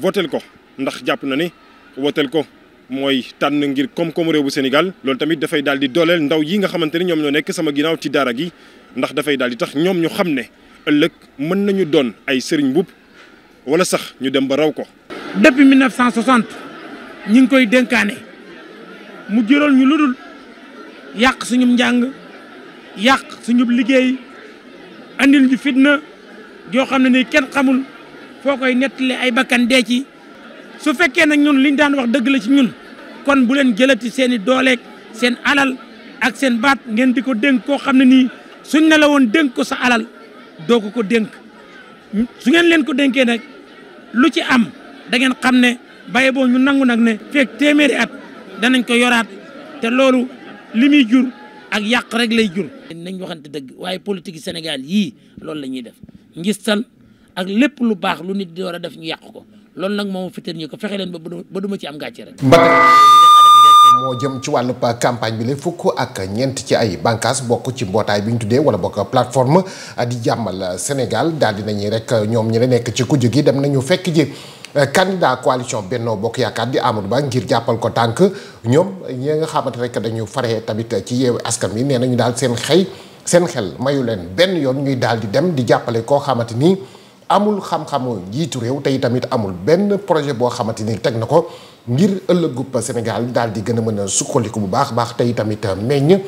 woteel ko ndax jàpp na ni woteel ko mooy tànn ngir koom-koomu réew bu Sénégal loolu tamit dafay daal di dooleel ndaw yi nga xamante ni ñoom ñoo nekk sama ginnaaw ci daara gi ndax dafay daal di tax ñoom ñu xam ne ëllëg mën nañu doon ay sëriñ buub walla sax ñu dem ba raw ko. depuis 1960 ñi ngi koy dénkaane mu jural ñu lu dul yàq suñu njàng yàq suñu liggéey andil ñu fitna joo xam ne ni kenn xamul. foo koy nettali ay bakkan dee ci su fekkee nag ñun liñ daan wax dëgg la ci ñun kon bu leen jëlati seen i dooleeg seen alal ak seen baat ngeen di ko dénk koo xam ne nii suñ ne la woon dénk ko sa alal doo ko ko dénk su ngeen leen ko dénkee nag lu ci am da ngeen xam ne baye boo ñu nangu nag ne feek téeméeri at danañ ko yoraat te loolu li muy jur ak yàq rek lay jur nañ waxante dëgg waaye politique yi Sénégal yii loolu la ñuy def ngistal ak lépp lu baax lu nit di war a def ñu yàq ko loolu nag moom fitar ñi ko fexe leen ba ba duma ci am gàcce rek moo jëm ci wàllub campagne bi la fukk ak ñeent ci ay bankaas bokk ci mbootaay bi ñu tuddee wala bokk plateforme di jàmbal Sénégal daal di nañuy rek ñoom ñi la nekk ci kujj gi dem nañu fekk ji candidat coalition Benno Bokk Yaakaar di Amadou Ba ngir jàppal ko tànk ñoom ñi nga xamante rek dañu faree tamit ci yeewu askan wi nee nañu daal seen xëy seen xel mayu leen benn yoon ñuy daal di dem di jàppale koo xamante nii amul xam-xamu njiitu réew tey tamit amul benn projet boo xamante ni teg na ko ngir ëllëgub Sénégal daal di gën a mën a sukkaliku bu baax baax tey tamit meññ. ñi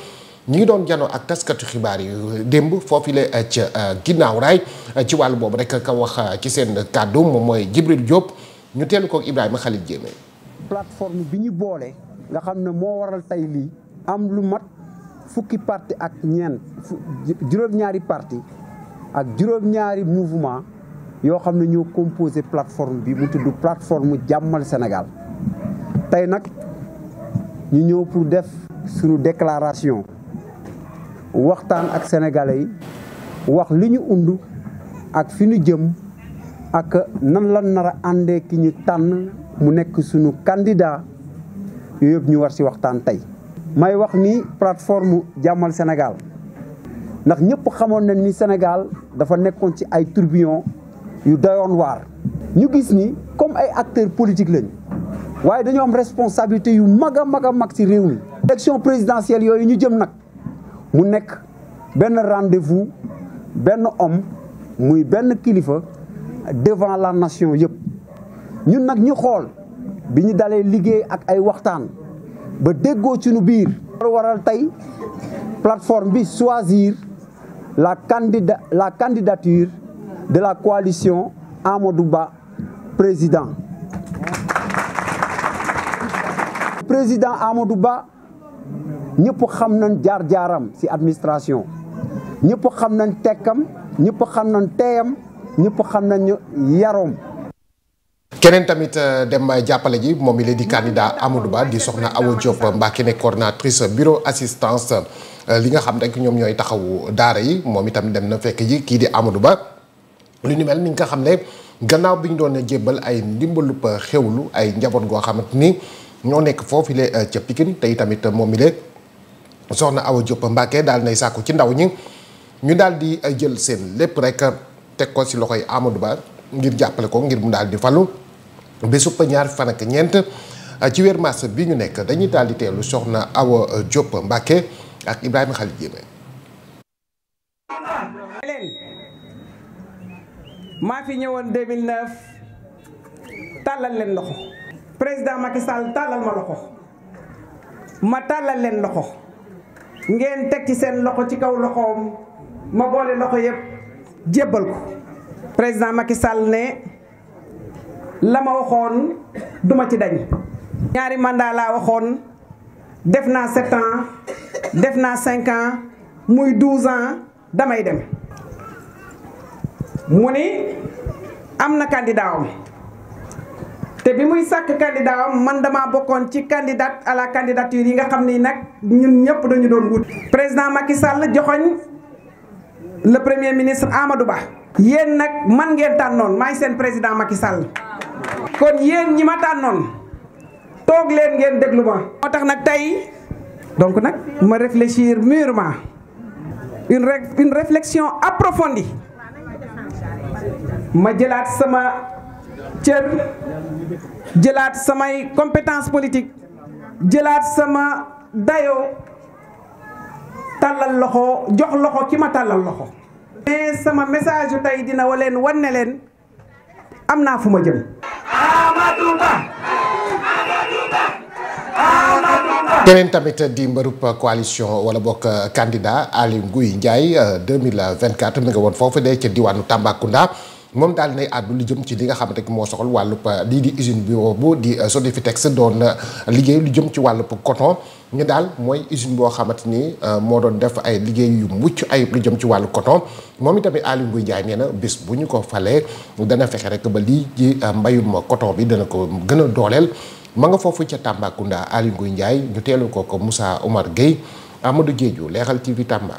ngi doon janoo ak taskatu xibaar yi euh, démb foofu euh, la ca euh, ginnaaw raay ci wàllu boobu rek ka wax ci seen kàddu moom mooy Jibril Diop ñu teelu kook Ibrahima Khalil Diémé plateforme bi ñu boole nga xam ne moo waral tey lii am lu mat fukki parti ak ñeent juróom-ñaari parti ak juróom-ñaari mouvement yoo xam ne ñoo composé plateforme bi mu tudd plateforme jàmmal senegal tey nag ñu ñëw pour def suñu déclaration waxtaan ak sénégalais yi wax li ñu undu ak fi ñu jëm ak nan la nar a àndee ki ñu tànn mu nekk suñu kandidaa yooyu ñu war si waxtaan tey. may wax ni plateforme jàmmal senegal ndax ñëpp xamoon nañ ni senegal dafa nekkoon ci ay tourbillon yu doyoon waar ñu gis ni comme ay acteurs politique lañu waaye dañoo am responsabilité yu mag a mag a mag ci réew mi. élection présidentielle yooyu ñu jëm nag mu nekk benn rendez-vous benn homme muy benn kilifa devant la nation yëpp ñun nag ñu xool bi ñu dalee liggéey ak ay waxtaan ba déggoo ci nu biir. waral tey plateforme bi choisir la la candidature. de la coalition Amadouba président. président Amadouba ñëpp xam nañ jaar-jaaram ci administration ñëpp xam nañ tekkam ñëpp xam nañ teeyam ñëpp xam nañ yaroom. keneen tamit euh, dem jàppale ji moom il est di candidat Amadou Ba di soxna Awa Diop Mbacké ne coordonnatrice bureau assistance euh, li nga xam rek ñoom ñooy taxawu daara yi moom itam dem na fekk ji kii di Amadou Ba. lu ni mel mi nga xam ne gannaaw bi ñu doon jébbal ay ndimbalub xewlu ay njaboot goo xamante ni ñoo nekk foofu le eh, ca Pikine tey tamit moom mi le soxna Awa Diop Mbacké daal nay sàkku ci ndaw ñi ñu dal di eh, jël seen lépp rek teg ko ci loxoy Amadou Ba ngir jàppale ko ngir mu daal di falu bésub ñaar fan ñeent eh, ci weer mars bi ñu nekk dañuy daal di teelu soxna Awa Diop Mbacké ak Ibrahima Khalil Diémé maa fi ñëwoon 2009 tàllal leen loxo président Macky Sall tàllal ma loxo ma tàllal leen loxo ngeen teg ci seen loxo ci kaw loxoom ma boole loxo yëpp jébbal ko président Macky Sall ne la ma waxoon duma ci dañ ñaari mandat laa waxoon def naa sept ans def naa cinq ans muy douze ans damay dem mu ni am na candidat am te bi muy sàkk candidat am man damaa bokkoon ci candidat à la yi nga xam ni nag ñun ñëpp dañu doon wut. président Macky Sall joxoñ le premier ministre Amadou Ba. yéen nag man ngeen tànnoon maay seen président Macky Sall kon yéen ñi ma tànnoon toog leen ngeen déglu ma. moo tax nag tey donc nag ma réfléchir mûrement une une réflexion approfondie. ma jëlaat sama cër jëlaat samay compétence politique jëlaat sama dayoo tàllal loxo jox loxo ki ma tàllal loxo mais sama message tey dina wa leen leen am naa fu ma jëm Amadou Ba keneen tamit di mbërub coalition wala bokk candidat Aly Ngouille Ndiaye 2024 euh, mi nga woon foofu de ca diwaanu Tambacounda moom daal nay àddu lu jëm ci li nga xam rek moo soxal wàllub euh, lii di usine bi boobu di euh, Sodefitex doon euh, liggéey lu jëm ci wàllub coton ñu daal mooy usine boo xamante ni moo doon def ay liggéey yu mucc ayib lu jëm ci wàllu koto moom itamit Aly Ngouille Ndiaye nee na bis bu ñu ko falee dana fexe rek ba lii ji mbayuma coton bi dana ko gën a dooleel ma nga foofu ca Tambacounda Aly Ngouille Ndiaye ñu teelu ko ko Moussa Omar Gueye Amadou Diédhiou Leral TV Tamba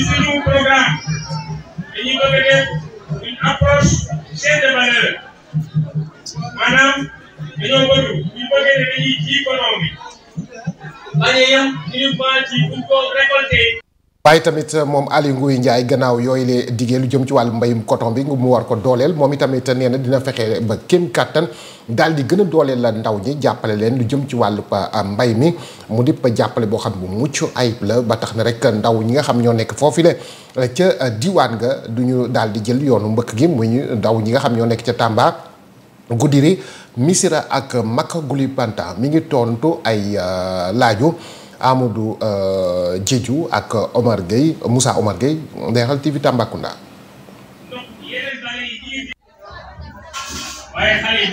ci suñu programme dañuy bëgg a def une approche chaîne de valeur maanaam dañoo ñu bëggee ne dañuy ji konoom bi bañ a yem uniquement récolté. waaye tamit uh, moom Aly Ngouille Ndiaye gannaaw yooyu le diggee lu jëm ci wàllu mbayum coton bi mu war ko dooleel moom itamit nee na dina fexe ba kéem kàttan daal di gën a dooleel la ndaw ñi jàppale leen lu jëm ci wàllu uh, mbay mi mu di jàppale boo xam bu mucc ayib la ba tax rek ndaw ñi nga xam ñoo nekk foofu le uh, ca diwaan nga du ñu daal di jël yoonu mbëkk gi muy ndaw ñi nga xam ñoo nekk ca Tamba Goudiri Missirah ak Maka Goulibaly Panta mi ngi tontu ay laaju Amadou euh, Diédhiou ak Omar Gueye Moussa Omar Gueye Leral TV Tambacounda. waaye xale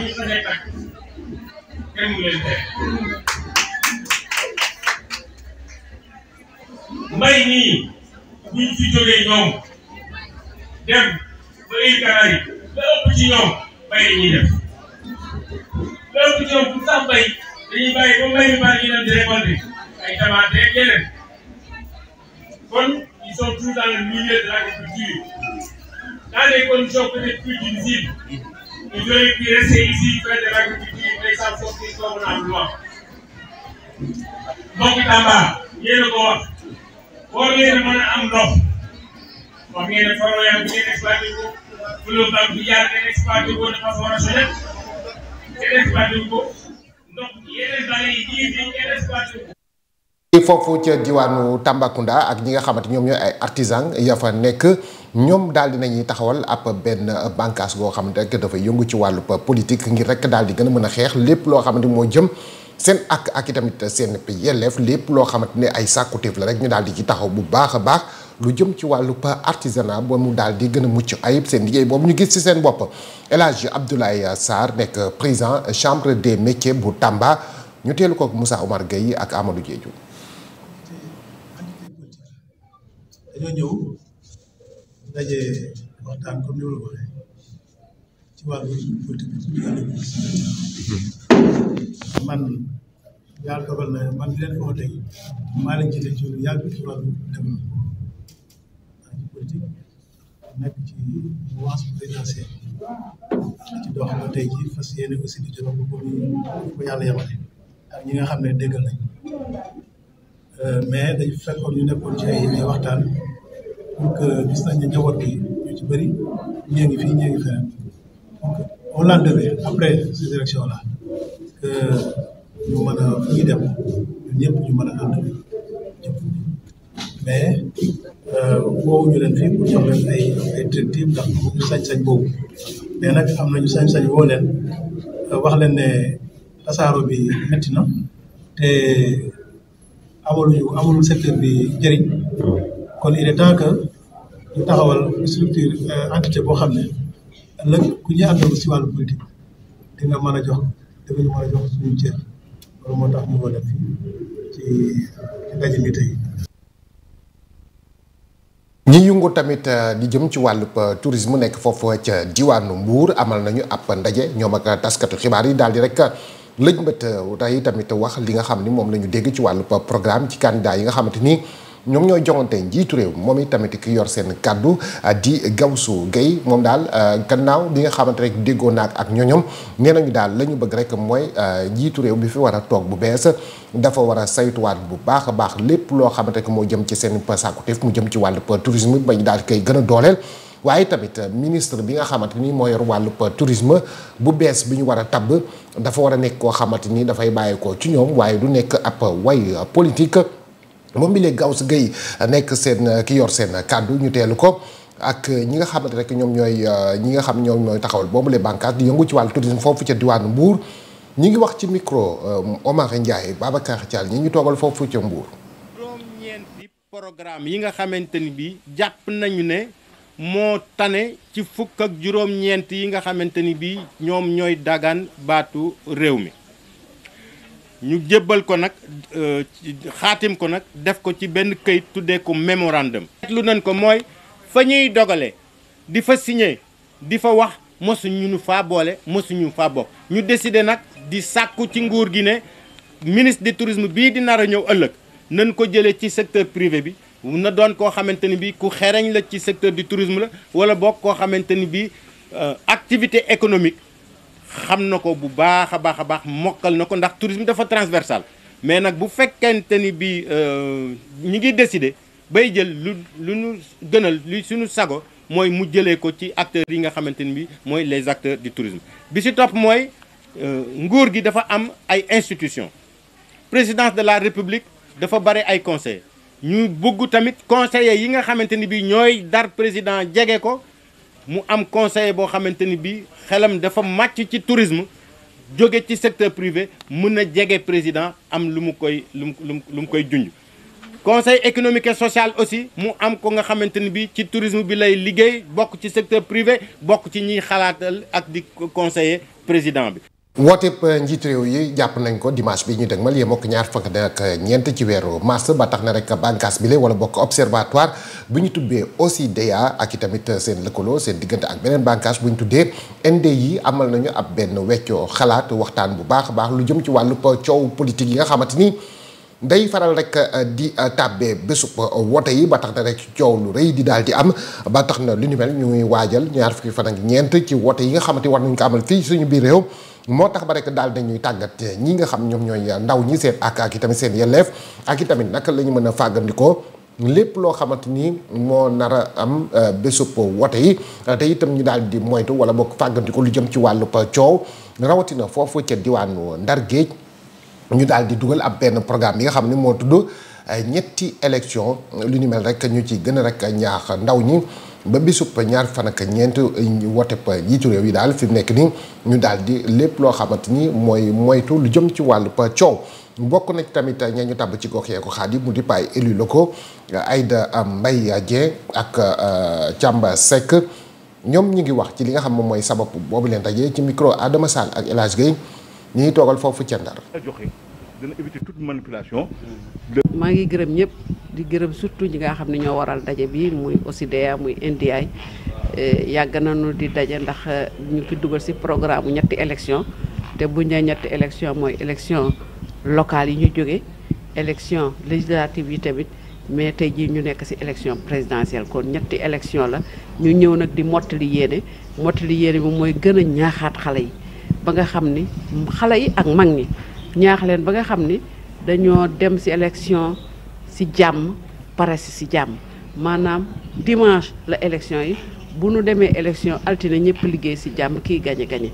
ay tamaate ak yeneen kon ils sont tous dans le milieu de l'agriculture dans des conditions peut-être plus difficiles ils auraient pu rester ici faire de l'agriculture mais sans sortir comme on a besoin mbokki Tamba yéen a ko wax war ngeen mën am ndox wax ngeen ne Faro yaa ngi leen exploité ko Fulo Ba bi yaa ngeen exploité ko dafa fa war a sonal ngeen exploité ko ndox yeneen bale yi ñii foofu ca diwaanu Tambacounda ak ñi nga xamante ñoom ñooy ay artisan ya fa nekk ñoom daal di taxawal ab benn bànqaas boo xamante rek dafay yëngu ci wàllu politique ngir rek daal di gën a mën a xeex lépp loo xamante moo jëm seen ak ak itamit seen yelleef lépp loo xamante ne ay sàkkuteef la rek ñu daal di ci taxaw bu baax a baax lu jëm ci wàllu pa artisanat ba mu daal di gën a mucc ay seen liggéey boobu ñu gis ci seen bopp El Hadji Abdoulaye Sarr nekk président chambre de métiers bu Tamba ñu teelu ko Moussa Omar Gueye ak Amadou Diédhiou dañoo ñëw daje waxtaan comme ni ma ko ci wàllu mhm. man yàlla dogal na man leen ko teg maa leen jiite ci lu yàgg ci wàllu développement ak politique nekk ci mouvance présidentielle di jox ko ko yàlla yemale ak nga xam ne déggal nañ euh, mais dañu fekkoon ñu nekkoon ci ay waxtaan donc gis nañ ne njaboot bi ñu ci bëri ñee ngi fii ñee ngi feneen donc au après ces élections que ñu mën a fu ñu dem ñun ñëpp ñu mën a ànd ñëpp mais euh, woowuñu leen fii pour jox leen ay ay directives sañ-sañ boobu mais nag am nañu sañ-sañ woo leen euh, wax leen ne tasaaro bi métti na te secteur bi njëriñ. kon il euh, boo xam ne mën a jox ñu ko tamit euh, di jëm ci wàllu wàllub euh, tourisme nekk foofu ca diwaanu Mbour amal nañu ab ndaje ñoom ak taskatu xibaar yi daal di rek lëj mbët tey tamit wax li nga xam ni moom la ñu dégg ci wàllub programme ci candidat yi nga xamante ni. ñoom ñooy joŋante njiitu réew moom itamit ki yor seen kàddu ah, di Gaoussou Guèye moom daal ah, gannaaw bi nga xamante rek déggoo naag ak ñoñom nee nañu daal la ñu bëgg rek mooy ah, njiitu réew bi fi war a toog bu bees dafa war a saytuwaat bu baax a baax lépp loo xamante rek moo jëm ci seen pasaakuteef mu jëm ci wàllu tourisme bañ daal koy gën a dooleel. waaye tamit ministre bi nga xamante ni moo yor wàllu tourisme bu bees bi ñu war a tabb dafa war a nekk koo xamante ni dafay bàyyeekoo ci ñoom waaye du nekk ab way politique. moom bi gaaw si Gueye nekk seen ki yor seen kàddu ñu teelu ko ak ñi nga xamante rek ñoom ñooy euh, ñi nga xam ñoom ñooy taxawal boobu boobule bànqaas di yëngu ci wàllu tourisme foofu ca diwaanu Mbour ñi ngi wax ci micro euh, Omar Ndiaye Babacar Thial ñi ñu toogal foofu ca Mbour juróom-ñeenti programme yi nga xamante ni bi jàpp nañu ne moo tane ci fukk ak juróom-ñeent yi nga xamante ni bi ñoom ñooy dagaan baatu réew mi ñu jébbal ko nag euh, xaatim ko nag def ko ci benn këyit tuddee ko mémorandum lu nañ ko mooy fa ñuy dogale di fa signé di fa wax mosuñu ñu faa boole mosuñu faa bokk ñu décidé nag di sàkku ci nguur gi ne ministre du tourisme bii di nar a ñëw ëllëg nañ ko jëlee ci secteur privé bi na doon koo xamante ni bii ku xereñ la ci secteur du tourisme la wala bokk koo xamante ni bii euh, activité économique xam na ko bu baax a baax a baax mokkal na ko ndax tourisme dafa transversal mais nag bu fekkente ni bi euh, ñi ngi décider bay jël lu lu ñu gënal lu suñu sago mooy mu jëlee ko ci acteurs yi nga xamante ni bi mooy les acteurs du tourisme bi si topp mooy euh, nguur gi dafa am ay institutions présidence de la république dafa bare ay conseil ñu bëgg tamit conseillers yi nga xamante ni bi ñooy dar président jege ko mu am conseiller boo xamante ni bii xelam dafa màcc ci tourisme jóge ci secteur privé mun a jege président am lu mu koy lu mu lu koy junj. conseil économique et social aussi mu am ko nga xamante ni bii ci tourisme bi lay liggéey bokk ci secteur privé bokk ci ñiy xalaatal ak di conseiller président bi. wooteeb njiit réew yi jàpp nañ ko dimanche bi ñu dëgmal yem ak ñaar fukk ak ñeent ci weeru mars ba tax na rek bànqaas bi la wala bokk observatoire bu ñu tuddee OCDEA ak i tamit seen lëkkaloo seen diggante ak beneen bànqaas bu ñu tuddee yi amal nañu ab benn weccoo xalaat waxtaan bu baax a baax lu jëm ci wàllu coow politique yi nga xamante ni day faral rek uh, di uh, tàbbee bésu uh, wote yi ba tax na rek coow lu rëy di daal di am ba tax na lu ni mel ñu ngi waajal ñaar fukki fan ak ñeent ci wote yi nga xamante war nañ ko amal fii suñu biir réew. moo tax ba rek daal dañuy tàggat ñi nga xam ñoom ñooy ndaw ñi seen ak ak itamit seen yelleef ak itamit naka la ñu mën a fàggandikoo lépp loo xamante ni moo nar a am euh, bésub wote yi te itam ñu daal di moytu wala boog fàggandiku lu jëm ci wàllub coow rawatina foofu ca diwaanu Ndar Géej ñu daal di dugal ab benn programme bi nga xam ne moo tudd euh, ñetti élection lu ni mel rek ñu ci gën a rek ñaax ndaw ñi ba bisub ñaar fan ak ñeent woteb jiitu réew yi daal fi mu nekk nii ñu daal di lépp loo xamante ni mooy moytu lu jëm ci wàllu coow. bokk na tamit ña ñu tàbb ci gox yeeku xaat yi mu di paay élu locaux Aïda Mbaye Dieng ak euh, Thiamba Seck ñoom ñu ngi wax ci li nga xam moom mooy sababu boobu leen dajee ci micro Adama Sall ak El Hadj Gueye ñu ngi toogal foofu ca Ndar dana éviter toute maa ngi gërëm ñëpp di gërëm surtout ñi nga xam ne ñoo waral daje bi muy OSIDEA muy india NDI eh, yàgg nañu di daje ndax eh, ñu fi dugal ci programme ñetti élection te bu ñu ñetti élection mooy élection locale yi ñu jóge élection législative yi tamit mais tey jii ñu nekk ci élection présidentielle kon ñetti élection la ñu ñëw nag di mottali yéene mottali yéene bi mooy gën a ñaaxaat xale yi ba nga xam ni xale yi ak mag ñi ñaax leen ba nga xam ni dañoo dem ci élection ci jàmm pare ci jàmm maanaam dimanche la élection yi bu nu demee élection altine ñëpp liggéey ci jàmm kii gañe gañe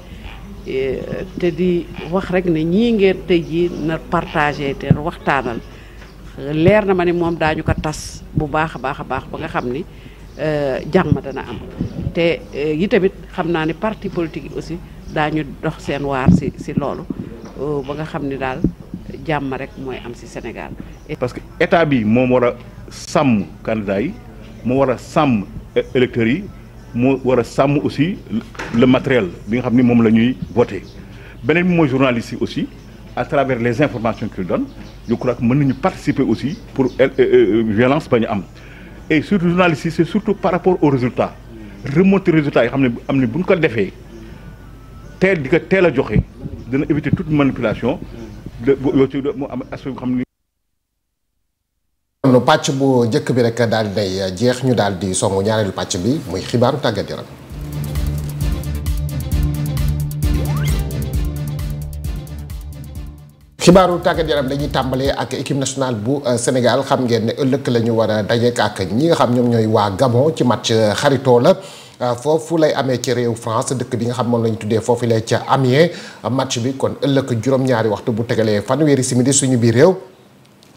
te di wax rek ne ñii ngeen tey jii na partagé te waxtaanal leer na ma ni moom daañu ko tas bu baax a baax a baax ba nga xam ni euh, jàmm dana am te euh, yi tamit xam naa ni parti politique yi aussi daañu dox seen waar ci ci loolu Euh, ba nga xam ni daal jàmm rek mooy am ci Sénégal. parce que état bi moom war a sàmm candidat yi moo war a sàmm euh, électeurs yi moo war a sàmm aussi le matériel bi nga xam ni moom la ñuy voté beneen bi mooy journaliste yi aussi à travers les informations qu'ils done je crois que mën nañu participer aussi pour euh, violence ba ñu am et surtout journaliste yi c'est surtout par rapport au résultat remonter résultats yi xam ne am ne bu ñu ko defee teel di ko teel a joxe. dana éviter toute manipulation. de boo ci mu am pàcc bu njëkk bi rek daal di jeex ñu daal di songu ñaareelu pàcc bi muy xibaaru tàggat yaram. xibaaru tàggat yaram dañuy tàmbalee ak équipe nationale bu euh, Sénégal xam ngeen ne ëllëg la ñu war a dajeek ñi nga xam ñoom ñooy waa Gabon ci match euh, xarito la. Euh, foofu lay amee ci réew France dëkk bi nga xam moom la ñu tuddee foofu lay ca Amiens match bi kon ëllëg juróom-ñaari waxtu bu tegalee fanweeri simili suñu biir réew.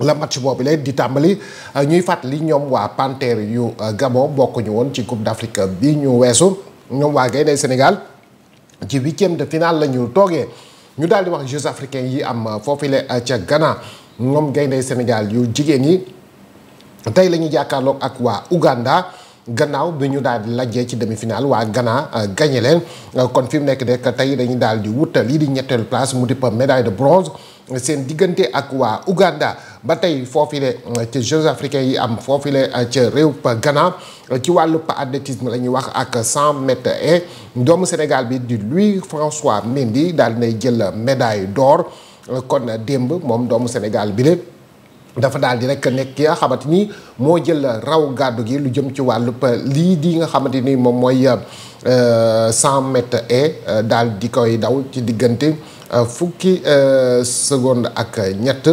la match boobu leen di tàmbali euh, ñuy fàttali ñoom waa Panthère yu euh, Gabon bokkuñu woon ci Coupe d'Afrique bi ñu weesu ñoom waa Gaynde Sénégal ci huitième de finale la toogee ñu daal di wax Jeux africains yi am foofule ca Ghana ñoom Gaynde Sénégal yu jigéen yi tey lañu ñu jàkkaarloog ak waa Uganda. gannaaw bi ñu daal di lajjee ci demi-finale waa Ghana euh, gagné leen euh, kon fi mu nekk rek tey dañu daal di wut lii di ñetteelu place mu di pa médaille de bronze seen diggante ak waa Uganda ba tey foofile euh, ci Jeux africains yi am foofile ca réew pa Ghana ci wàllu pa athlétisme la ñuy wax ak 100 mètres et doomu Sénégal bi di Louis François Mendy daal di nay jël médaille door kon démb moom doomu Sénégal bi la. dafa daal di rek nekk ki nga xamante ni moo jël raw gàddu gi lu jëm ci wàllub lii di nga xamante nii moom mooy 100 euh, mètres et euh, daal di koy daw ci diggante euh, fukki seconde ak ñett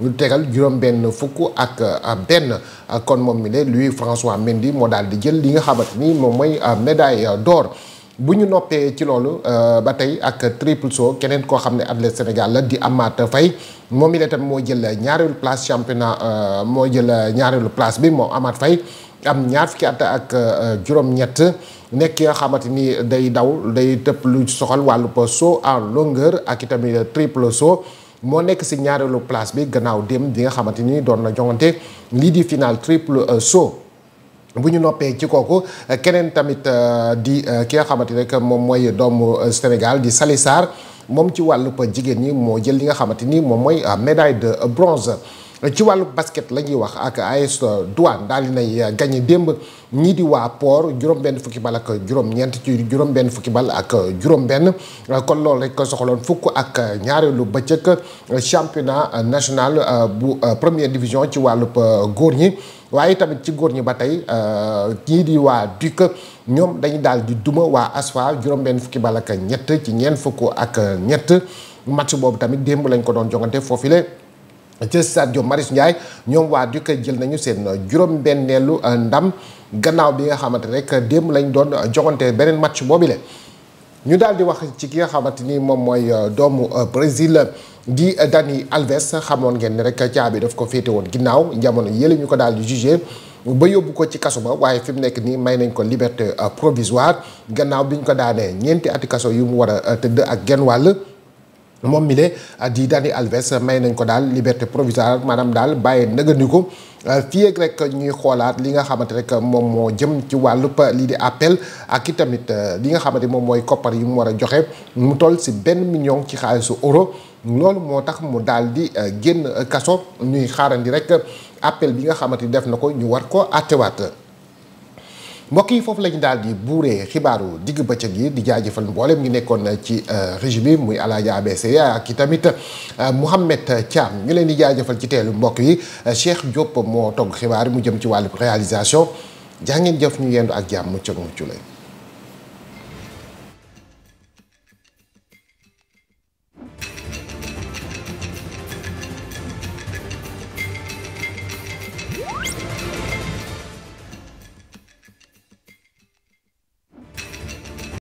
lu tegal juróom-benn fukk ak benn kon moom mi ne Louis François Mendy moo daal di jël li nga xamante ni moom mooy médaille d'or bu ñu noppee ci loolu euh, ba tey ak triple so keneen koo xam ne athlète Sénégal la di Amath Faye moom it tam moo jël ñaareelu place championnat euh, moo jël ñaareelu place bi moom amaat Faye am ñaar fukki at ak euh, juróom-ñett nekk ki nga xamante ni day daw day tëpp lu soxal wàllu saut en longueur ak itamit triple so moo nekk si ñaareelu place bi gannaaw dem di nga xamante ni doon na joxante lii di final triple so bu ñu noppee ci kooku keneen tamit euh, di euh, ki nga xamante rek moom mooy doomu euh, Sénégal di Sali Sarr moom ci wàllu jigéen ñi moo jël li nga xamante ni moom mooy médaille de bronze. ci wàllu basket la ñuy wax ak AS Douane daal di nay gagné démb ñii di waa Port juróom-benn fukki bal ak juróom-ñeent ci juróom-benn fukki bal ak juróom-benn kon loolu rek soxloon fukk ak ñaareelu bëccëg championnat national bu première division ci wàllu góor ñi. waaye tamit ci góor ñi ba tey euh, ñii di waa DUC ñoom dañu daal di duma waa ASFA juróom-benn fukki bal ak ñett ci ñeent fukk ak ñett match boobu tamit démb lañ ko doon jongante foofule. ci stade Marius Ndiaye ñoom waa DUC jël nañu seen juróom-benneelu euh, ndam gannaaw bi nga xamante rek démb lañ doon jongante beneen match boobile. ñu daal di wax ci ki nga xamante ni moom mooy euh, doomu euh, Brésil di euh, Dani Alves xamoon ngeen ne rek caabi daf ko féete woon ginnaaw jamono yële ñu ko daal di jugé. ba yóbbu ko ci kaso ba waaye fi mu nekk nii may nañ ko liberté provisoire gannaaw bi ñu ko daanee ñeenti ati kaso yi mu war a tëdd ak genn wàll. moom mile ah, di Dani Alves may nañ ko daal liberté provisoire maanaam daal bàyyi nëgëndi ko ah, fii ak rek ñuy xoolaat li nga xamante rek moom moo jëm ci wàllub lii di appel ak itamit ah, li nga xamante moom mooy koppar yi mu war a joxe mu toll si benn million ci xaalisu euro loolu moo tax mu daal di génn kaso ñuy xaaral xaarandi rek appel bi nga xamante ni def na ko ñu war ko àttewaat mbokk yi foofu lañu daal di buuree xibaaru digg bëccëg yi di jaajëfal mboolem ngi nekkoon na ci euh, régime bi muy alaaji abc ak i tamit euh, Mouhamed Thiam ñu leen di jëfal ci teelu mbokk yi euh, Cheikh Diop moo togg xibaar yi mu jëm ci wàllu réalisation jaa jëf ñu yendu ak jàmm mucc ak mucc lay